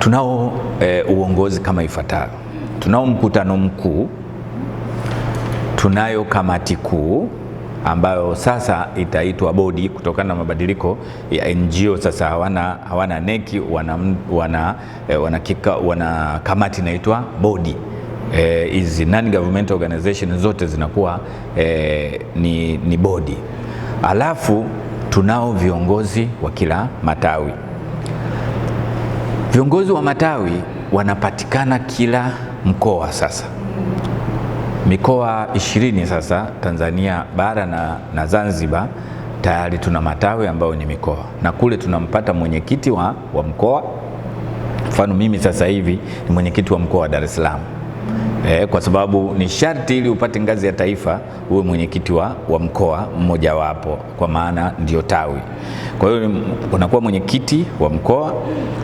Tunao e, uongozi kama ifuatavyo. Tunao mkutano mkuu, tunayo kamati kuu ambayo sasa itaitwa bodi kutokana na mabadiliko ya NGO. Sasa hawana, hawana neki wana, wana, eh, wana, kika, wana kamati inaitwa bodi. Eh, hizi e, non governmental organization zote zinakuwa e, ni, ni bodi. Alafu tunao viongozi wa kila matawi Viongozi wa matawi wanapatikana kila mkoa, sasa mikoa ishirini sasa Tanzania bara na, na Zanzibar tayari tuna matawi ambayo ni mikoa, na kule tunampata mwenyekiti wa, wa mkoa. Mfano mimi sasa hivi ni mwenyekiti wa mkoa wa Dar es Salaam. E, kwa sababu ni sharti ili upate ngazi ya taifa uwe mwenyekiti wa, wa mkoa mmojawapo, kwa maana ndio tawi. Kwa hiyo unakuwa mwenyekiti wa mkoa